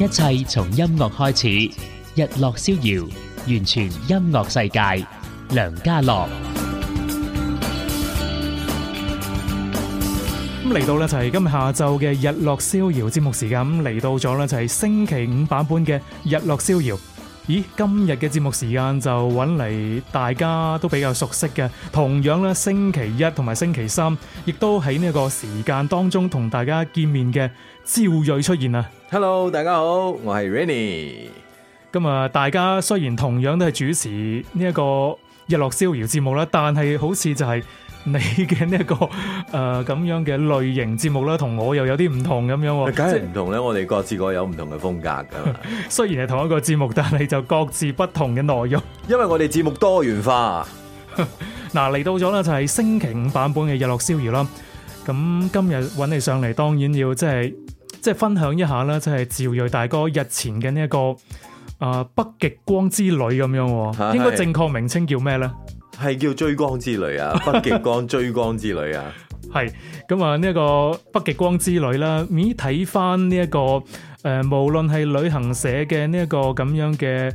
一切從音樂開始，日落逍遙，完全音樂世界，梁家樂。咁嚟到呢就係今日下晝嘅日落逍遙節目時間，咁嚟到咗呢就係星期五版本嘅日落逍遙。咦，今日嘅節目時間就揾嚟，大家都比較熟悉嘅，同樣星期一同埋星期三，亦都喺呢個時間當中同大家見面嘅焦瑞出現啊！Hello，大家好，我係 Renny。今日大家雖然同樣都係主持呢一個日落逍遙節目啦，但係好似就係你嘅呢一個誒咁、呃、樣嘅類型節目啦，同我又有啲唔同咁樣。梗係唔同咧，就係、我哋各自各有唔同嘅風格噶。雖然係同一個節目，但係就各自不同嘅內容。因為我哋節目多元化。嗱，嚟到咗啦，就係星期五版本嘅日落逍遙啦。咁今日揾你上嚟，當然要即係。即係分享一下啦，就係、是、趙睿大哥日前嘅呢一個啊、呃、北極光之旅咁樣，啊、應該正確名稱叫咩咧？係叫追光之旅啊， 北極光追光之旅啊。係咁啊，呢一個北極光之旅啦，咦？睇翻呢一個誒、呃，無論係旅行社嘅呢一個咁樣嘅。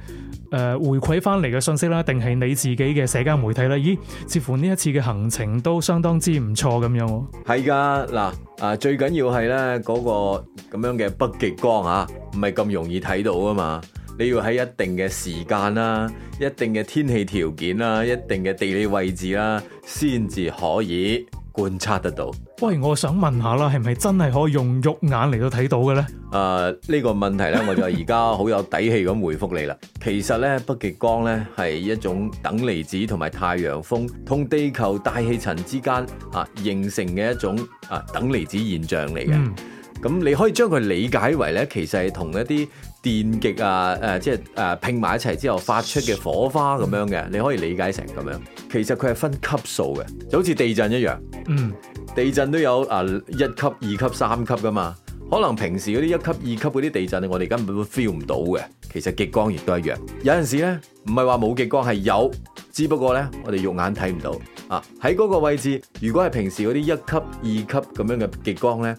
誒，回饋翻嚟嘅信息啦，定係你自己嘅社交媒體啦？咦，似乎呢一次嘅行程都相當之唔錯咁樣。係噶，嗱，啊，最緊要係咧嗰個咁樣嘅北極光啊，唔係咁容易睇到啊嘛，你要喺一定嘅時間啦、一定嘅天氣條件啦、一定嘅地理位置啦，先至可以觀察得到。喂，我想問下啦，係咪真係可以用肉眼嚟到睇到嘅咧？誒、呃，呢、這個問題咧，我就而家好有底氣咁回復你啦。其實咧、啊，北極光咧係一種等離子同埋太陽風同地球大氣層之間啊形成嘅一種啊等離子現象嚟嘅。咁你可以將佢理解為咧，其實係同一啲電極啊誒，即係、啊、誒拼埋一齊之後發出嘅火花咁樣嘅。嗯、你可以理解成咁樣。其實佢係分級數嘅，就好似地震一樣。嗯。地震都有啊，一級、二級、三級㗎嘛，可能平時嗰啲一級、二級嗰啲地震，我哋根本 feel 唔到嘅。其實極光亦都一樣，有陣時候呢，唔係話冇極光係有，只不過呢，我哋肉眼睇唔到啊。喺嗰個位置，如果係平時嗰啲一級、二級咁樣嘅極光呢，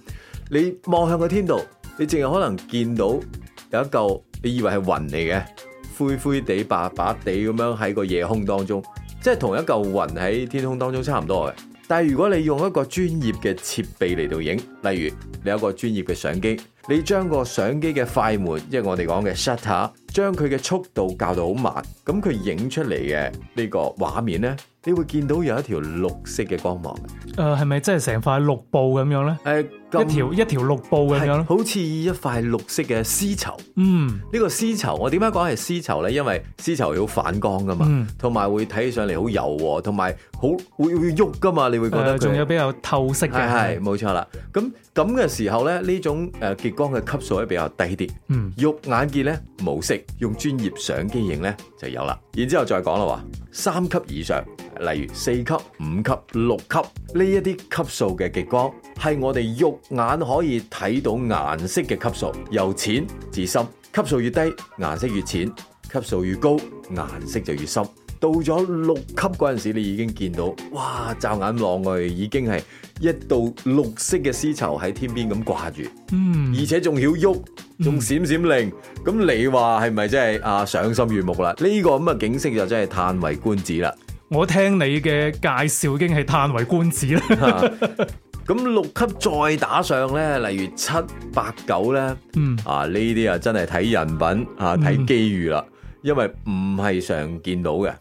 你望向個天度，你淨係可能見到有一嚿，你以為係雲嚟嘅，灰灰地、白白地咁樣喺個夜空當中，即係同一嚿雲喺天空當中差唔多嘅。但係如果你用一個專業嘅設備嚟到影，例如你有一個專業嘅相機，你將個相機嘅快門，即係我哋講嘅 shutter，將佢嘅速度校到好慢，咁佢影出嚟嘅呢個畫面咧，你會見到有一條綠色嘅光芒。誒，係咪真係成塊綠布咁樣咧？誒。一條一條綠布咁樣咯，好似一塊綠色嘅絲綢。嗯，這個絲絲呢個絲綢我點解講係絲綢咧？因為絲綢要反光噶嘛，同埋、嗯、會睇起上嚟好幼，同埋好會會喐噶嘛。你會覺得仲、呃、有比較透色嘅，係冇錯啦。咁咁嘅時候咧，呢種誒極、啊、光嘅級數咧比較低啲。嗯，肉眼見咧冇色，用專業相機影咧就有啦。然之後再講啦話，三級以上，例如四級、五級、六級呢一啲級數嘅極光係我哋喐眼可以睇到顏色嘅級數，由淺至深，級數越低，顏色越淺；級數越高，顏色就越深。到咗六級嗰陣時，你已經見到，哇！驟眼望去，已經係一道綠色嘅絲綢喺天邊咁掛住，嗯，而且仲曉喐，仲閃閃靈。咁、嗯、你話係咪真係啊賞心悅目啦？呢、這個咁嘅景色就真係嘆為觀止啦！我聽你嘅介紹已經係嘆為觀止啦。 咁六級再打上咧，例如七八九呢、八、嗯、九咧、啊，啊呢啲啊真係睇人品啊睇機遇啦，嗯、因為唔係常見到嘅。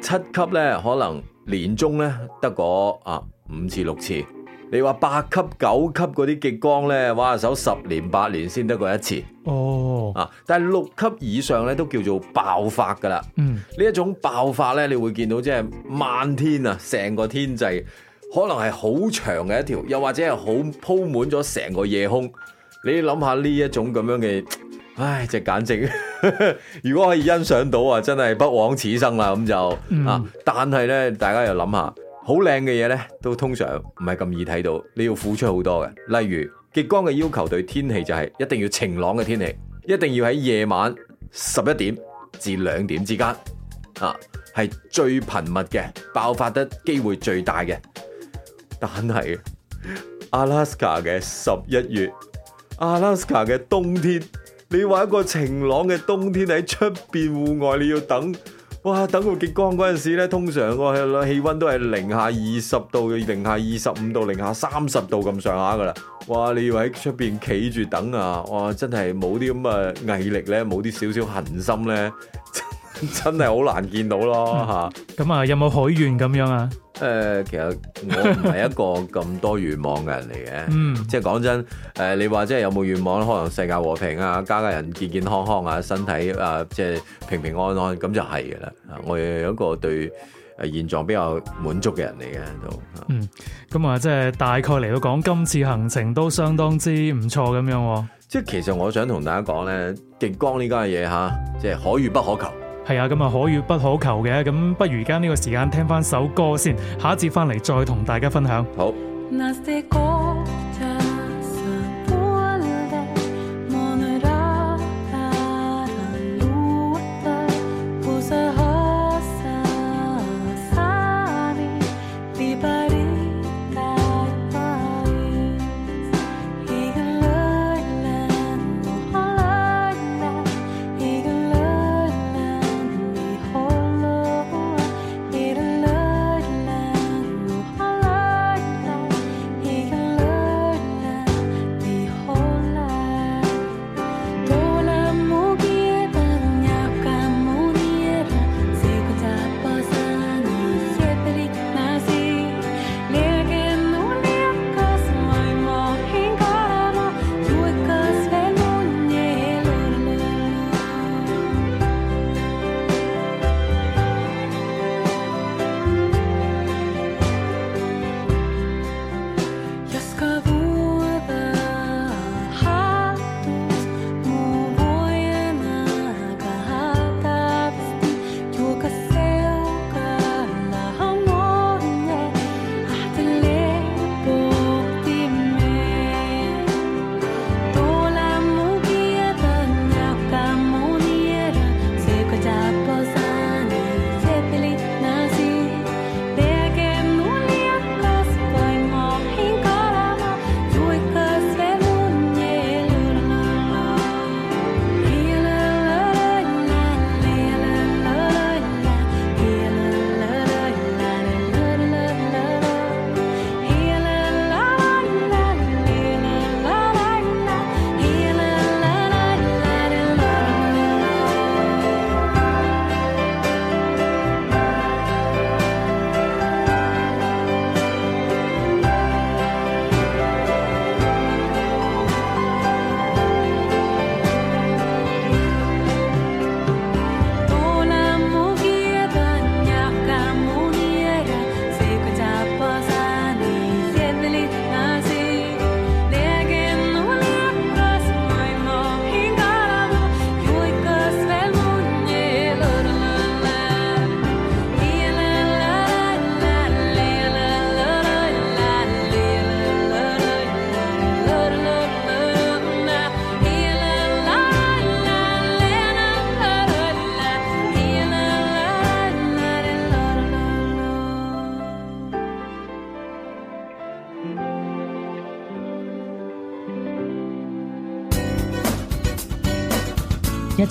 七級咧可能年終咧得過啊五次六次，你話八級九級嗰啲極光咧，哇，守十年八年先得過一次哦。啊，但係六級以上咧都叫做爆發噶啦。嗯，呢一種爆發咧，你會見到即係漫天啊，成個天際。可能係好長嘅一條，又或者係好鋪滿咗成個夜空。你諗下呢一種咁樣嘅，唉，就簡直呵呵。如果可以欣賞到啊，真係不枉此生啦。咁就、嗯、啊，但係呢，大家又諗下，好靚嘅嘢呢，都通常唔係咁易睇到，你要付出好多嘅。例如極光嘅要求，對天氣就係一定要晴朗嘅天氣，一定要喺夜晚十一點至兩點之間啊，係最頻密嘅爆發得機會最大嘅。但係阿拉斯加嘅十一月，阿拉斯加嘅冬天，你話一個晴朗嘅冬天喺出邊戶外，你要等，哇，等個極光嗰陣時咧，通常我係啦，氣溫都係零下二十度、零下二十五度、零下三十度咁上下噶啦。哇，你要喺出邊企住等啊，哇，真係冇啲咁嘅毅力咧，冇啲少少恒心咧。 真係好難見到咯吓，咁啊、嗯、有冇許願咁樣啊？誒、呃，其實我唔係一個咁多願望嘅人嚟嘅， 嗯，即係講真，誒、呃，你話即係有冇願望？可能世界和平啊，家家人健健康康啊，身體啊，即係平平安安，咁就係噶啦。我有一個對誒現狀比較滿足嘅人嚟嘅，都嗯，咁啊，即係大概嚟到講今次行程都相當之唔錯咁樣、啊。即係其實我想同大家講咧，極光呢家嘢吓，即係可遇不可求。係啊，咁啊可遇不可求嘅，咁不如而家呢個時間聽翻首歌先，下一節翻嚟再同大家分享。好。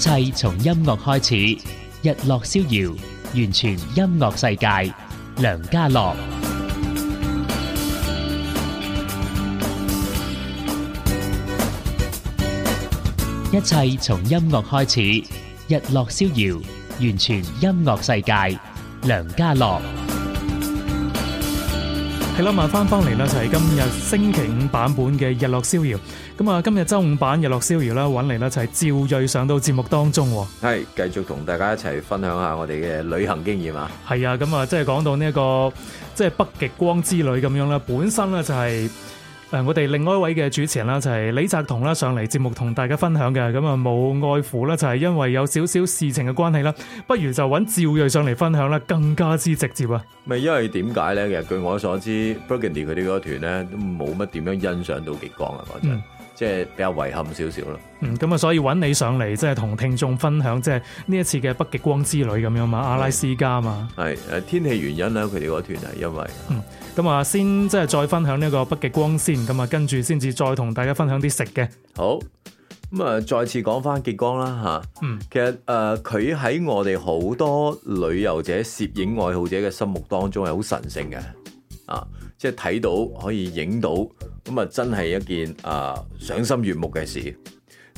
一切從音樂開始，日落逍遙，完全音樂世界，梁家樂。一切從音樂開始，日落逍遙，完全音樂世界，梁家樂。啦埋翻翻嚟啦，就係、是、今日星期五版本嘅日落逍遙。咁啊，今日周五版日落逍遙啦，揾嚟啦就係趙瑞上到節目當中。係繼續同大家一齊分享一下我哋嘅旅行經驗是啊。係啊，咁啊，即係講到呢、這、一個即係北極光之旅咁樣啦，本身咧就係、是。誒、呃，我哋另外一位嘅主持人啦、啊，就係、是、李澤彤啦，上嚟節目同大家分享嘅，咁啊冇外乎啦，就係、是、因為有少少事情嘅關係啦，不如就揾趙瑞上嚟分享啦，更加之直接啊！咪因為點解咧？其實據我所知，Burgundy 佢哋嗰團咧都冇乜點樣欣賞到極光啊，我覺即係比較遺憾少少啦。嗯，咁啊，所以揾你上嚟，即係同聽眾分享，即係呢一次嘅北極光之旅咁樣嘛，是阿拉斯加嘛。係誒，天氣原因咧，佢哋嗰團係因為。嗯，咁啊，先即係再分享呢個北極光先，咁啊，跟住先至再同大家分享啲食嘅。好，咁啊，再次講翻極光啦吓。嗯，其實誒，佢、呃、喺我哋好多旅遊者、攝影愛好者嘅心目當中係好神聖嘅。啊。即係睇到可以影到，咁啊真係一件啊賞心悅目嘅事。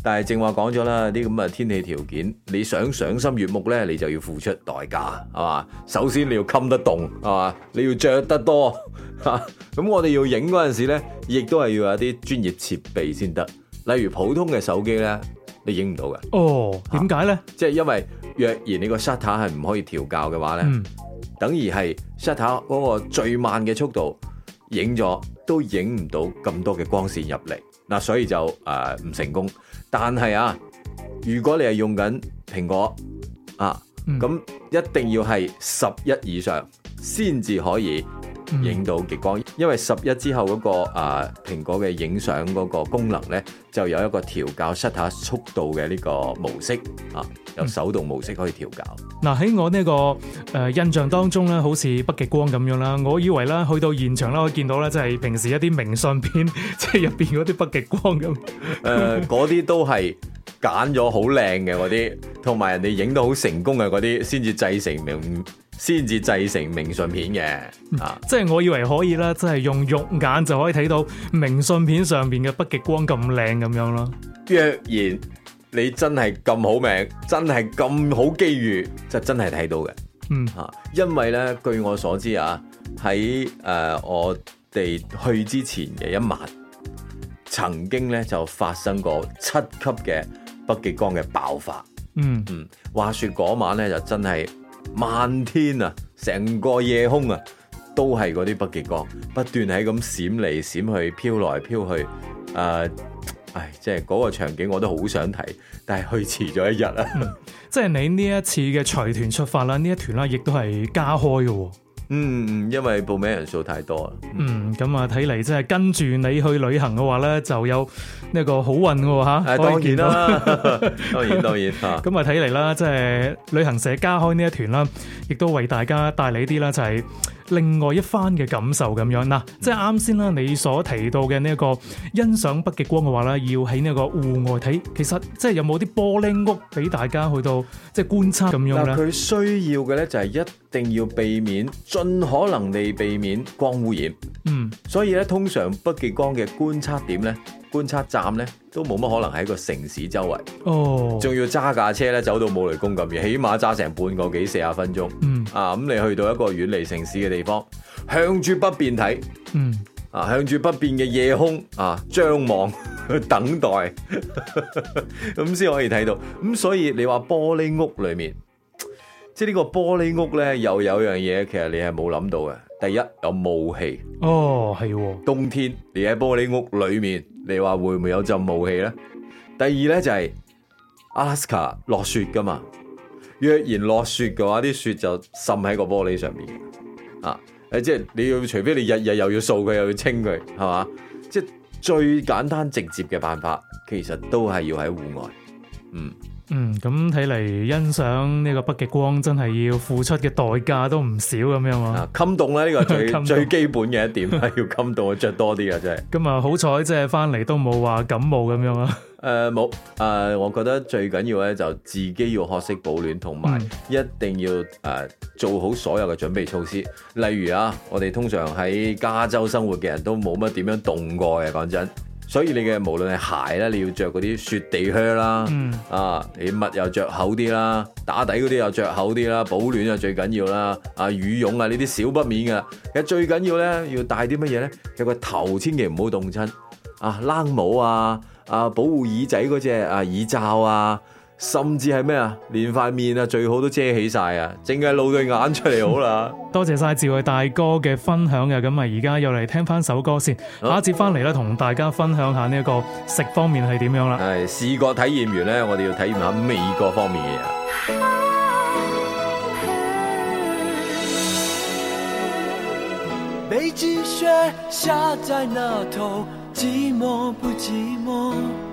但係正話講咗啦，啲咁嘅天氣條件，你想賞心悅目咧，你就要付出代價，係嘛？首先你要襟得凍，係嘛？你要着得多。咁我哋要影嗰陣時咧，亦都係要有啲專業設備先得。例如普通嘅手機咧，你影唔到嘅。哦，點解咧？即係因為若然你個 shutter 係唔可以調教嘅話咧，嗯、等於係 shutter 嗰個最慢嘅速度。影咗都影唔到咁多嘅光線入嚟。嗱，所以就誒唔、呃、成功。但係啊，如果你係用緊蘋果啊，咁、嗯、一定要係十一以上先至可以。影到極光，因為十一之後嗰、那個啊蘋果嘅影相嗰個功能咧，就有一個調校 shutter 速度嘅呢個模式啊，由手動模式可以調教。嗱喺、嗯、我呢、這個誒、呃、印象當中咧，好似北極光咁樣啦，我以為啦，去到現場啦，我以見到咧，即係平時一啲明信片，即係入邊嗰啲北極光咁。誒 呃，嗰啲都係揀咗好靚嘅嗰啲，同埋人哋影到好成功嘅嗰啲，先至製成明。嗯先至製成明信片嘅。嗯啊、即係我以為可以啦，真係用肉眼就可以睇到明信片上邊嘅北極光咁靚咁樣咯。若然你真係咁好命，真係咁好機遇，就真係睇到嘅。嗯，吓、啊，因為呢，據我所知啊，喺誒、呃、我哋去之前嘅一晚，曾經呢就發生過七級嘅北極光嘅爆發。嗯嗯，話說嗰晚呢，就真係。漫天啊，成個夜空啊，都係嗰啲北極光不斷喺咁閃嚟閃去，飄來飄去。誒、呃，唉，即係嗰個場景我都好想睇，但係去遲咗一日啊、嗯。即、就、係、是、你呢一次嘅隨團出發啦，呢一團啦，亦都係加開嘅。嗯，因為報名人數太多，嗯，咁啊、嗯，睇嚟，即係跟住你去旅行嘅話咧，就有呢個好運喎。吓、啊。當然啦，當然當然吓。咁啊，睇嚟啦，即係旅行社加開呢一團啦，亦都為大家帶嚟啲啦，就係另外一番嘅感受咁樣啦。即係啱先啦，啊就是、剛剛你所提到嘅呢一個欣賞北極光嘅話咧，要喺呢個戶外睇，其實即係有冇啲玻璃屋俾大家去到即係、就是、觀測咁樣啦？佢需要嘅咧就係一，一定要避免，盡可能地避免光污染。嗯，所以咧，通常北極光嘅觀測點咧，觀測站咧，都冇乜可能喺一個城市周圍。哦，仲要揸架車咧，走到冇雷公咁遠，起碼揸成半個幾四十分鐘。嗯，啊，咁你去到一個遠離城市嘅地方，向住北邊睇。嗯，啊，向住北邊嘅夜空啊，張望去 等待，咁 先可以睇到。咁所以你話玻璃屋裏面。即係呢個玻璃屋咧，又有樣嘢，其實你係冇諗到嘅。第一有霧氣，哦係，係喎，冬天你喺玻璃屋裏面，你話會唔會有陣霧氣咧？第二咧就係、是、阿拉斯加落雪噶嘛，若然落雪嘅話，啲雪就滲喺個玻璃上面。啊！誒，即係你要除非你日日又要掃佢又要清佢，係嘛？即係最簡單直接嘅辦法，其實都係要喺戶外，嗯。嗯，咁睇嚟欣賞呢個北極光真係要付出嘅代價都唔少咁樣啊！襟凍咧，呢個最 動最基本嘅一點，係要襟凍啊，着多啲啊，真、就、係、是。咁啊、嗯，好彩即係翻嚟都冇話感冒咁樣啊。誒，冇、呃。誒、呃，我覺得最緊要咧就自己要學識保暖，同埋一定要誒、呃、做好所有嘅準備措施。例如啊，我哋通常喺加州生活嘅人都冇乜點樣凍過嘅，講真。所以你嘅無論係鞋啦，你要着嗰啲雪地靴啦，嗯、啊，你襪又着厚啲啦，打底嗰啲又着厚啲啦，保暖啊最緊要啦，啊羽絨啊呢啲少不免噶。其實最緊要咧，要帶啲乜嘢咧？有個頭千祈唔好凍親，啊冷帽啊，啊保護耳仔嗰隻啊耳罩啊。甚至係咩啊？連塊面啊最好都遮起晒啊！淨係露對眼出嚟好啦。 多謝晒智慧大哥嘅分享啊！咁啊，而家又嚟聽翻首歌先。下一節翻嚟咧，同大家分享下呢一個食方面係點樣啦。係視覺體驗完咧，我哋要體驗下味覺方面嘅嘢啊。美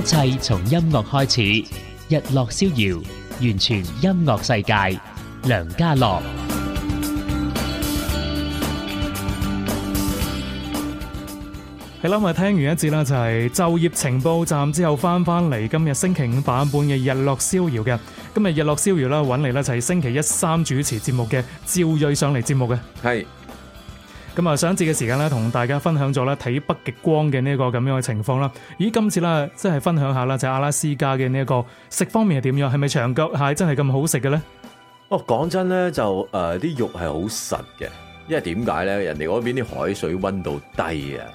一切從音樂開始，日落逍遙，完全音樂世界。梁家樂，係啦，我聽完一節啦，就係就業情報站之後翻翻嚟。今日星期五版本嘅日落逍遙嘅，今日日落逍遙啦，揾嚟啦就係星期一三主持節目嘅趙瑞上嚟節目嘅，係。咁啊，上一次嘅時間咧，同大家分享咗咧睇北極光嘅呢一個咁樣嘅情況啦。咦，今次咧即係分享一下咧，就係阿拉斯加嘅呢一個食方面係點樣？係咪長腳蟹真係咁好食嘅咧？哦，講真咧，就誒啲、呃、肉係好實嘅，因為點解咧？人哋嗰邊啲海水温度低啊，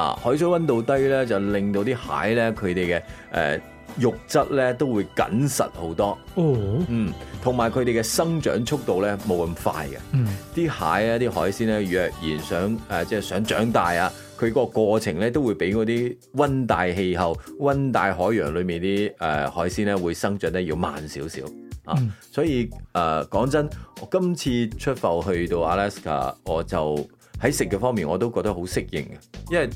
啊海水温度低咧，就令到啲蟹咧佢哋嘅誒。肉質咧都會緊實好多，哦、嗯，同埋佢哋嘅生長速度咧冇咁快嘅，啲、嗯、蟹啊、啲海鮮咧，若然想即係、呃即係、想長大啊，佢個過程咧都會比嗰啲温帶氣候、温帶海洋裏面啲、呃、海鮮咧會生長得要慢少少啊。嗯、所以誒，講、呃、真，我今次出埠去到阿拉斯加，我就喺食嘅方面我都覺得好適應嘅，因為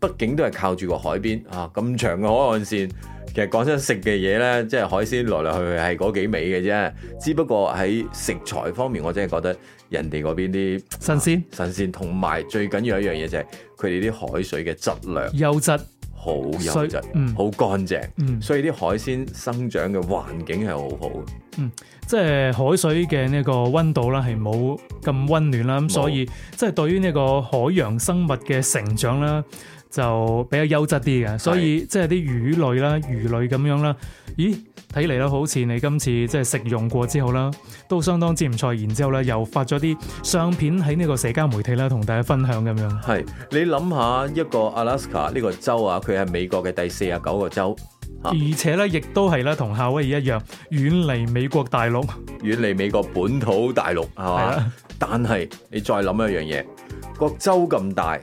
畢竟都係靠住個海邊啊，咁長嘅海岸線。其實講真，食嘅嘢咧，即係海鮮來來去去係嗰幾味嘅啫。只不過喺食材方面，我真係覺得人哋嗰邊啲新鮮、新鮮仙，同埋、啊、最緊要的一樣嘢就係佢哋啲海水嘅質量優質，好優質，好、嗯、乾淨。嗯、所以啲海鮮生長嘅環境係好好，嗯，即、就、係、是、海水嘅呢個溫度啦，係冇咁溫暖啦。咁有所以，即、就、係、是、對於呢個海洋生物嘅成長啦。就比較優質啲嘅，是所以即係啲魚類啦、魚類咁樣啦，咦？睇嚟咧，好似你今次即係食用過之後啦，都相當之唔錯。然之後咧，又發咗啲相片喺呢個社交媒體啦，同大家分享咁樣。係你諗下一個 Alaska 呢個州啊，佢係美國嘅第四十九個州，啊、而且咧亦都係咧同夏威夷一樣遠離美國大陸，遠離美國本土大陸係咪？啊是啊、但係你再諗一樣嘢，個州咁大。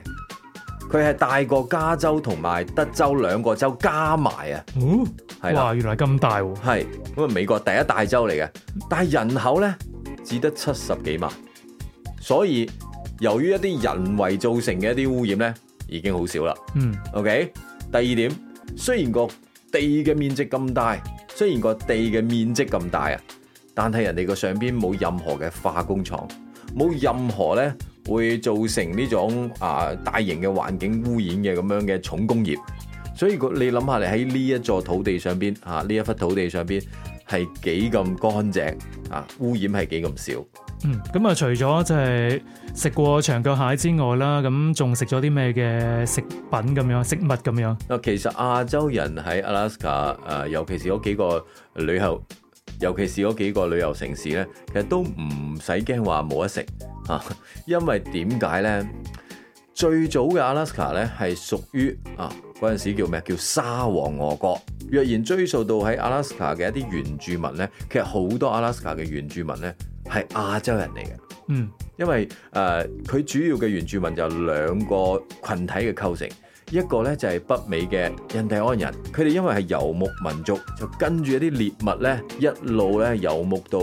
佢係大過加州同埋德州兩個州加埋啊！哦、係哇，原來咁大係、啊，咁啊美國第一大州嚟嘅。但係人口咧只得七十幾萬，所以由於一啲人為造成嘅一啲污染咧，已經好少啦。嗯，OK。第二點，雖然個地嘅面積咁大，雖然個地嘅面積咁大啊，但係人哋個上邊冇任何嘅化工廠，冇任何咧。會造成呢種啊大型嘅環境污染嘅咁樣嘅重工業，所以你諗下，你喺呢一座土地上邊吓，呢一忽土地上邊係幾咁乾淨啊？污染係幾咁少？嗯，咁啊，除咗就係食過長腳蟹之外啦，咁仲食咗啲咩嘅食品咁樣、食物咁樣？啊，其實亞洲人喺阿拉斯加誒，尤其是嗰幾個旅遊，尤其是嗰幾個旅遊城市咧，其實都唔使驚話冇得食。啊，因為點解咧？最早嘅阿拉斯加咧係屬於啊嗰陣時叫咩？叫沙皇俄國。若然追溯到喺阿拉斯加嘅一啲原住民咧，其實好多阿拉斯加嘅原住民咧係亞洲人嚟嘅。嗯，因為誒佢、呃、主要嘅原住民就兩個群體嘅構成，一個咧就係、是、北美嘅印第安人，佢哋因為係游牧民族，就跟住一啲獵物咧一路咧游牧到。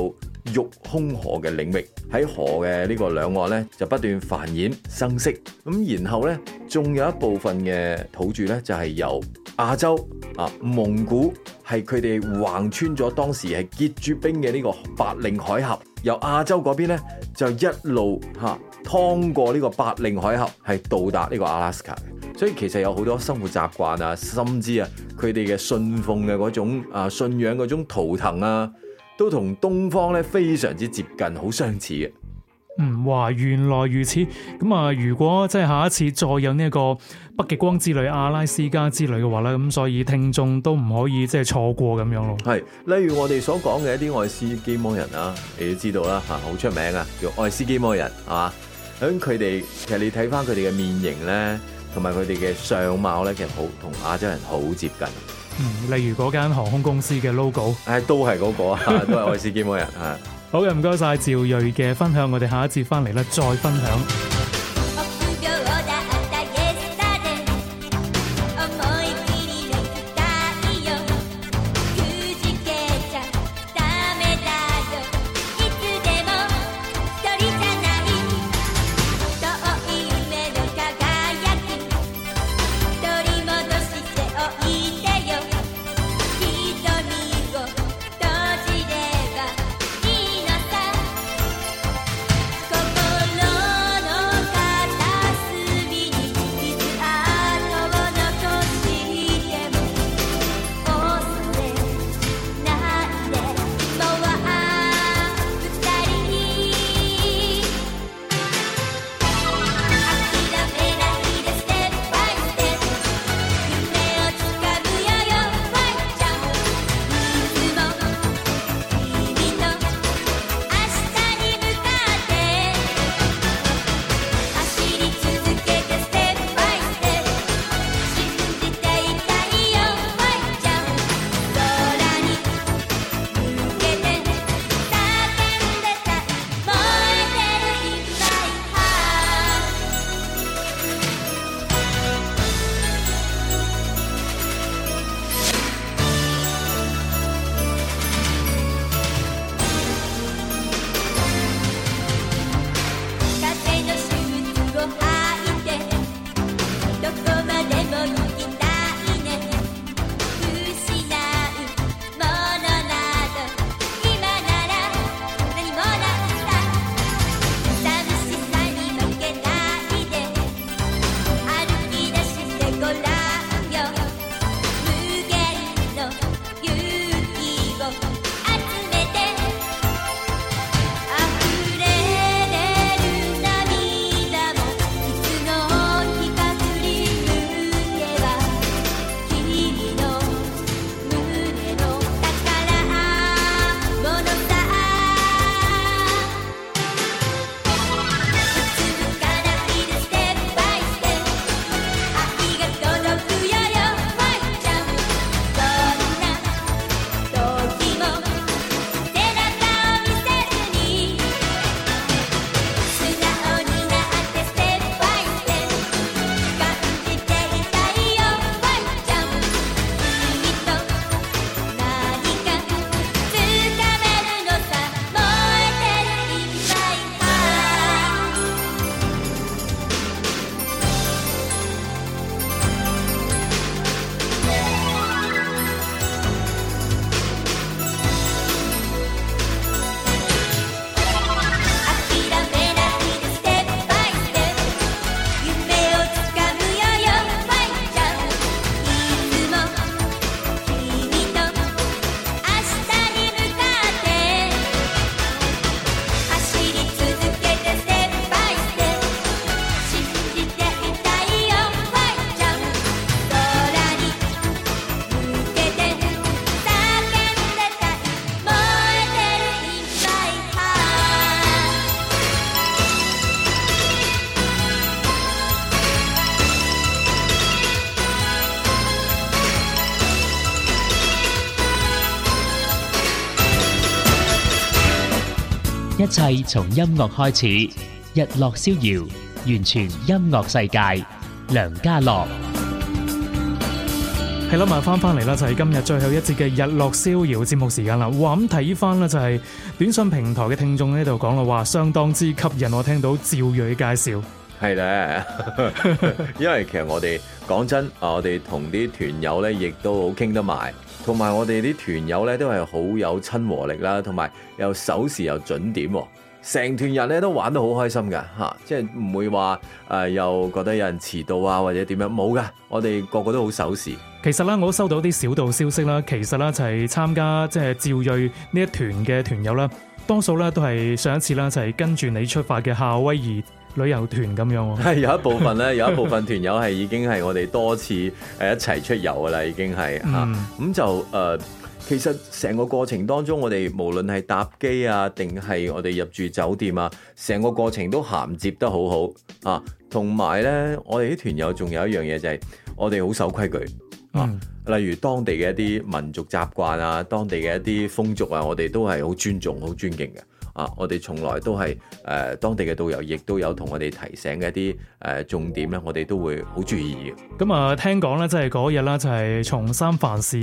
育空河嘅領域喺河嘅呢個兩岸呢，就不斷繁衍生息，咁然後呢，仲有一部分嘅土著呢，就係、是、由亞洲啊蒙古係佢哋橫穿咗當時係結住冰嘅呢個白令海峽，由亞洲嗰邊咧就一路嚇、啊、通過呢個白令海峽係到達呢個阿拉斯加，所以其實有好多生活習慣啊，甚至啊佢哋嘅信奉嘅嗰種啊信仰嗰種圖騰啊。都同東方咧非常之接近，好相似嘅。嗯，哇，原來如此。咁啊，如果即係下一次再有呢一個北極光之旅、阿拉斯加之旅嘅話咧，咁所以聽眾都唔可以即係錯過咁樣咯。係，例如我哋所講嘅一啲愛斯基摩人啊，你都知道啦，吓好出名啊，叫愛斯基摩人，係嘛？咁佢哋其實你睇返佢哋嘅面型咧，同埋佢哋嘅相貌咧，其實好同亞洲人好接近。嗯、例如嗰間航空公司嘅 logo，誒、哎，都係嗰、那個啊，都係愛斯基摩人、 嗯、好嘅，唔該晒趙瑞嘅分享，我哋下一節翻嚟咧再分享。一切從音樂開始，日落逍遙，完全音樂世界，梁家樂。係啦，咪翻翻嚟啦，就係、是、今日最後一節嘅日落逍遙節目時間啦。哇，咁睇翻咧就係短信平台嘅聽眾咧，喺度講啦，話相當之吸引。我聽到趙蕊介紹係咧， 因為其實我哋講真啊，我哋同啲團友咧，亦都好傾得埋。同埋我哋啲團友咧都係好有親和力啦，同埋又守時又準點，成團人咧都玩得好開心㗎。吓、啊，即係唔會話誒、呃、又覺得有人遲到啊或者點樣冇㗎。我哋個個都好守時。其實咧，我都收到啲小道消息啦，其實咧就係、是、參加即係、就是、趙睿呢一團嘅團友啦，多數咧都係上一次啦就係、是、跟住你出發嘅夏威夷。旅遊團咁樣、啊，係有一部分咧，有一部分團友係已經係我哋多次一齊出遊㗎啦，已經係咁、嗯啊、就誒、呃，其實成個過程當中，我哋無論係搭機啊，定係我哋入住酒店啊，成個過程都銜接得好好啊。同埋咧，我哋啲團友仲有一樣嘢就係，我哋好守規矩啊。例如當地嘅一啲民族習慣啊，當地嘅一啲風俗啊，我哋都係好尊重、好尊敬嘅。啊！我哋從來都係誒、呃，當地嘅導遊亦都有同我哋提醒嘅一啲誒、呃、重點咧，我哋都會好注意嘅。咁啊，聽講咧，即係嗰日啦，就係、是、從、就是、三藩市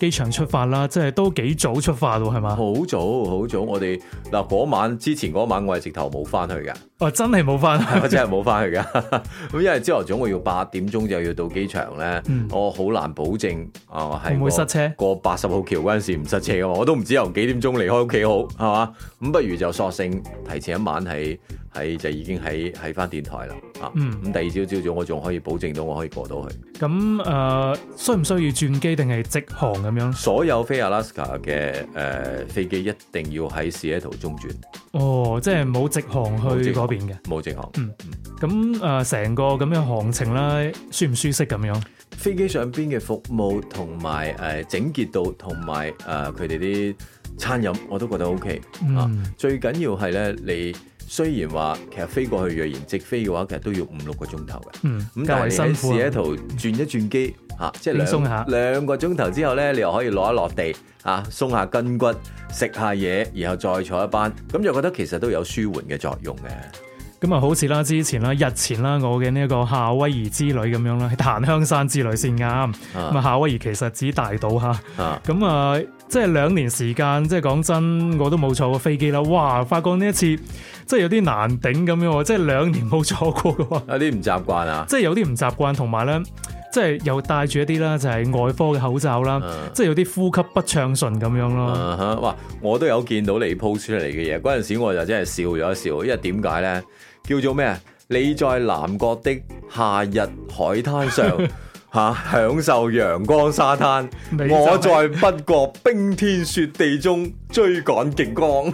機場出發啦，即、就、係、是、都幾早出發咯，係嘛？好早好早，我哋嗱嗰晚之前嗰晚我，我係直頭冇翻去噶。哦、真係冇翻， 我真係冇翻去噶。咁因為朝頭早我要八點鐘就要到機場咧，嗯、我好難保證啊，係、呃、唔會塞車過八十號橋嗰陣時唔塞車噶嘛？我都唔知由幾點鐘離開屋企好，係嘛？咁不如就索性提前一晚喺喺就已經喺喺翻電台啦。嗯、啊，嗯，咁第二朝朝早我仲可以保證到我可以過到去。咁誒、呃，需唔需要轉機定係直航咁樣？所有飛阿拉斯加嘅誒飛機一定要喺西雅圖中轉。哦，即係冇直航去冇直航，嗯，咁啊，成、呃、個咁樣行程咧，嗯、舒唔舒適咁樣？飛機上邊嘅服務同埋誒整潔度同埋誒佢哋啲餐飲，我都覺得 O、OK, K、嗯。啊，最緊要係咧，你雖然話其實飛過去若然直飛嘅話，其實都要五六個鐘頭嘅。嗯，咁但係你試，試一套轉一轉機。嗯吓、啊，即係下兩個鐘頭之後咧，你又可以攞一落地，吓、啊、鬆下筋骨，食下嘢，然後再坐一班，咁就覺得其實都有舒緩嘅作用嘅。咁啊，好似啦，之前啦，日前啦，我嘅呢一個夏威夷之旅咁樣啦，檀香山之旅先啱。咁啊，夏威夷其實只大島吓。咁啊，即係、啊就是、兩年時間，即係講真，我都冇坐過飛機啦。哇，發覺呢一次即係有啲難頂咁樣，即、就、係、是、兩年冇坐過嘅。有啲唔習慣啊，即係有啲唔習慣，同埋咧。即係又戴住一啲啦，就係外科嘅口罩啦，uh huh. 即係有啲呼吸不暢順咁樣咯。哇、uh huh.，我都有見到你 post 出嚟嘅嘢，嗰陣時候我就真係笑咗一笑，因為點解咧？叫做咩？你在南國的夏日海灘上。 吓、啊！享受陽光沙灘，就是，我在北國 冰天雪地中追趕極光。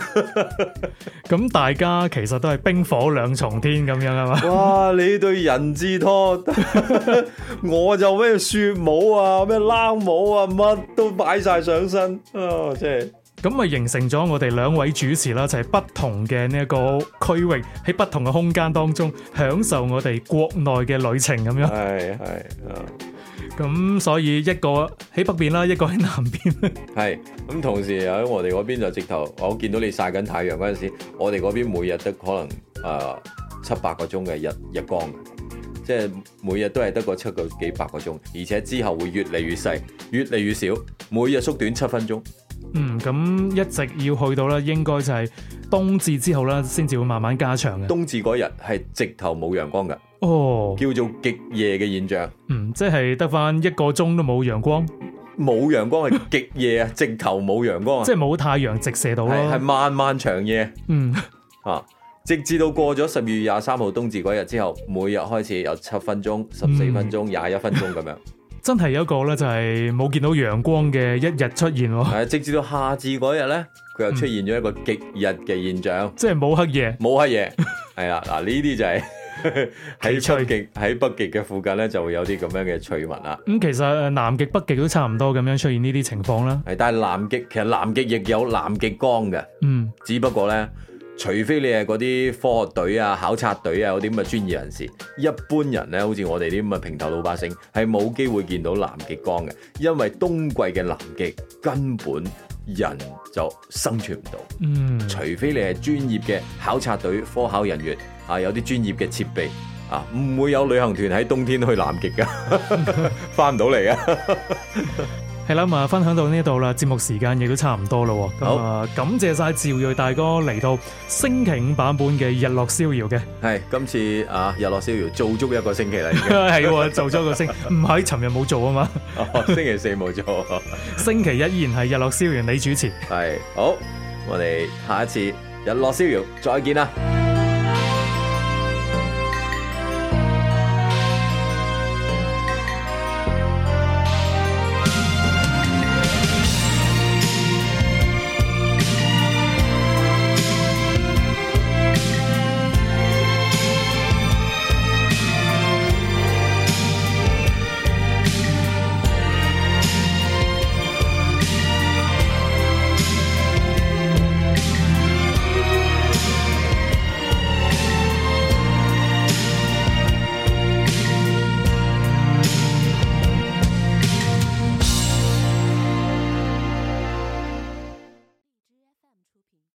咁 大家其實都係冰火兩重天咁樣啊嘛！哇！ 你對人字拖， 我就咩雪帽啊，咩冷帽啊，乜都擺晒上身啊！真、哦、係。咁咪形成咗我哋兩位主持啦，就係不同嘅呢一個區域喺不同嘅空間當中享受我哋國內嘅旅程咁樣。係係，咁所以一個喺北邊啦，一個喺南邊。係，咁同時喺我哋嗰邊就直頭，我見到你曬緊太陽嗰陣時，我哋嗰邊每日得可能啊七八個鐘嘅日日光，即係每日都係得個七個幾八個鐘，而且之後會越嚟越細，越嚟越少，每日縮短七分鐘。嗯，咁一直要去到咧，應該就係冬至之後咧，先至會慢慢加長嘅。冬至嗰日係直頭冇陽光㗎，哦，oh. 叫做極夜嘅現象。嗯，即係得翻一個鐘都冇陽光，冇陽光係極夜啊， 直頭冇陽光，即係冇太陽直射到咯，係漫漫長夜。嗯 啊，直至到過咗十二月廿三號冬至嗰日之後，每日開始有七分鐘、十四分鐘、廿一 分鐘咁樣。 真係有一個咧，就係冇見到陽光嘅一日出現咯。係直至到夏至嗰日咧，佢又出現咗一個極日嘅現象，即係冇黑夜，冇黑夜。係啦， 嗱呢啲就係、是、喺 北極喺北極嘅附近咧，就會有啲咁樣嘅趣聞啦。咁、嗯、其實南極、北極都差唔多咁樣出現呢啲情況啦。係，但係南極其實南極亦有南極光嘅。嗯，只不過咧。除非你係嗰啲科學隊啊、考察隊啊嗰啲咁嘅專業人士，一般人呢，好似我哋啲咁嘅平頭老百姓，係冇機會見到南極光嘅，因為冬季嘅南極根本人就生存唔到。嗯，除非你係專業嘅考察隊、科考人員啊，有啲專業嘅設備啊，唔會有旅行團喺冬天去南極㗎，翻唔到嚟啊。 係啦，啊，分享到呢度啦，節目時間亦都差唔多啦。咁啊好，感謝晒趙睿大哥嚟到，星期五版本嘅日落逍遙嘅。係今次啊，日落逍遙做足一個星期係係、 哦、做咗個星，唔係尋日冇做啊嘛、哦。星期四冇做， 星期一依然係日落逍遙你主持。係，好，我哋下一次日落逍遙再見啦。